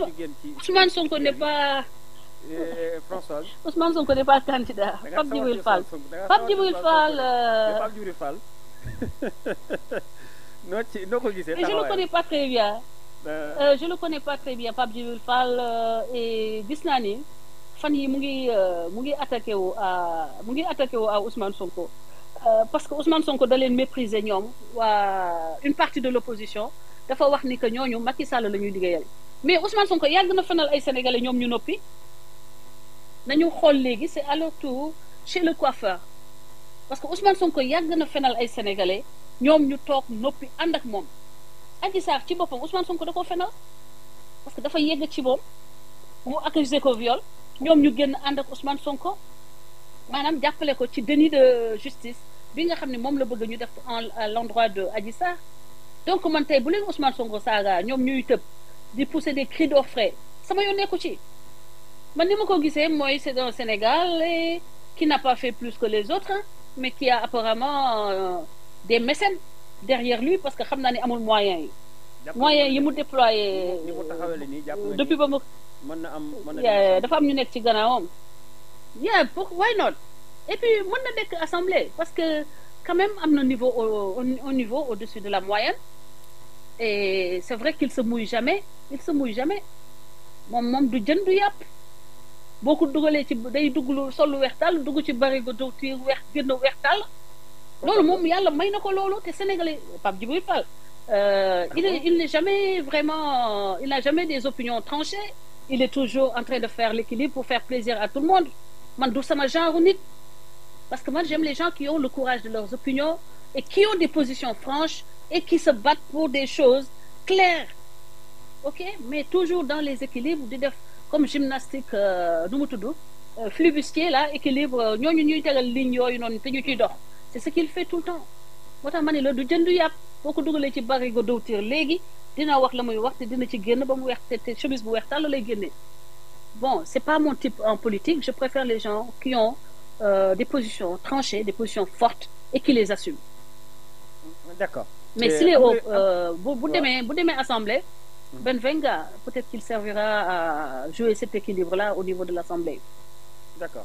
Ousmane Sonko n'est pas. Eh, Françoise Ousmane Sonko n'est pas candidat. Euh, Pape Djibril Fall Pape Djibril Fall. Pape Djibril Fall. noo ci noo je le connais pas très bien. Euh, je le connais pas très bien Pape Djibril Fall euh, et gis naa ni fan yi mu ngi mu ngi attaqué wu à mu ngi attaqué wu à Ousmane Sonko. parce que Ousmane Sonko da leen mépriser ñoom waa une partie de l'opposition dafa wax ni que ñooñu Macky Sall la ñuy liggéeyal. mais Ousmane Sonko yàgg na fenal ay sénégalais ñoom ñu noppi nañu xool léegi c'est à leur tour chez le coiffeur parce que Ousmane Sonko yàgg na fenal ay sénégalais ñoom ñu toog noppi ànd ak moom Adji Sarr ci boppam Ousmane Sonko da koo fenal parce que dafa yegg ci moom mu accusé ko viol ñoom ñu génn ànd ak Ousmane Sonko maanaam jàppale ko ci déni de justice bi nga xam ne moom la bëgg ñu def en à l'endroit de Adji Sarr donc man tey bu leen Ousmane Sonko saaga ñoom ñuy tëb. di pousser des cris d'orfraie sama yoon nekku ci man ni ma ko gisee mooy c'est un Sénégalais qui n'a pas fait plus que les autres mais qui a apparemment euh, des mécènes derrière lui parce que xam naa ne amul moyens yi moyens yi mu déployé depuis ba mu mën na am dafa am ñu nekk ci gannaawam yeah pour why not et puis mën na nekk assemblée parce que quand même am na niveau au, au, au niveau au-dessus de la moyenne et c'est vrai qu'il se mouille jamais il se mouille jamais moom moom du jën du yàpp boo ko dugalee ci day dugg lu sol lu weex tàll dugg ci barigo diw tiir weex génn weex tàll loolu moom yàlla may na ko loolu te sénégalais Pape Djibril Fall euh, il il n'est jamais vraiment il n'a jamais des opinions tranchées il est toujours en train de faire l'équilibre pour faire plaisir à tout le monde man du sama genre nit parce que man j'aime les gens qui ont le courage de leurs opinions et qui ont des positions franches et qui se battent pour des choses claires ok mais toujours dans les équilibres di def comme gymnastique euh, nu mu tudd euh, flibustier là équilibre euh, ñooñu ñuy tegal ligne yooyu noonu te ñu ciy dox c'est ce qu'il fait tout le temps moo tax ma ne la du jënd yàpp boo ko dugalee ci barigo dowtiir léegi dina wax la muy wax te dina ci génn ba mu weex te te chemise bu weex tàll lay génnee bon c'est pas mon type en politique je préfère les gens qui ont euh, des positions tranchées des positions fortes et qui mais s'il est au euh, bu bu demee bu demee assemblée. Benvenga peut-être qu'il servira à jouer cet équilibre là au niveau de l'assemblée. d'accord.